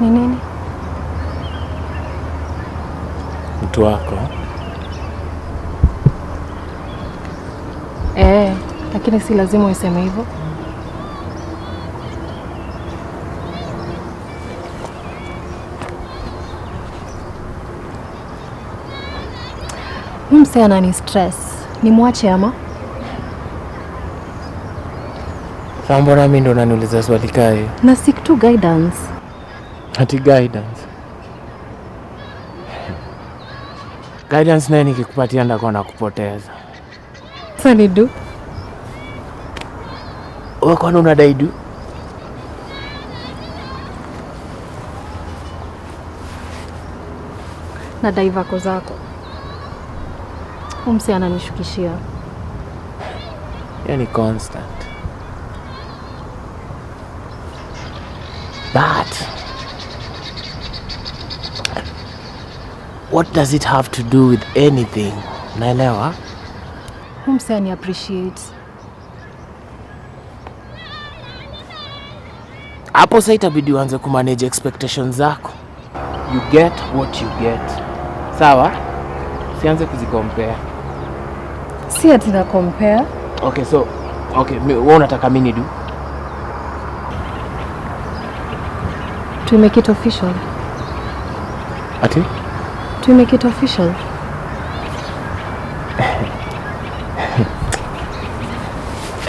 Ni nini? Mtu wako. Eh, lakini si lazima useme hivyo. Mse anani stress, ni mwache ama? Sambona mimi ndo naniuliza swali kai na seek guidance unahitaji guidance. Guidance naye nikikupatia ndako na kupoteza. Sasa ni du. Wewe kwani unadai du? Na dai vako zako. Umse ananishukishia. Yaani constant. But What does it have to do with anything? Naelewa. Humsa ni appreciate. Hapo sasa itabidi uanze kumanage expectations zako. You get what you get. Sawa? Sianze kuzicompare. Si ati na compare. Okay, so okay, wewe unataka mimi du To make it official. Ati? we make it official?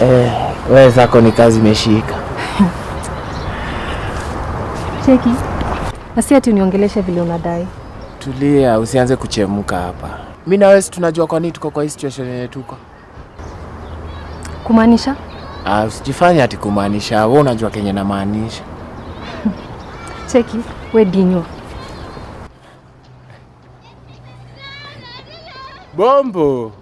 Eh, wewe zako ni kazi imeshika. Cheki. Nasi ati uniongeleshe vile unadai. Tulia, usianze kuchemka hapa. Mimi na wewe tunajua kwa nini tuko kwa hii situation yenye tuko. Kumaanisha? Ah, usijifanye ati kumaanisha. Wewe unajua kenye namaanisha. Cheki, we dinyo. Bombo!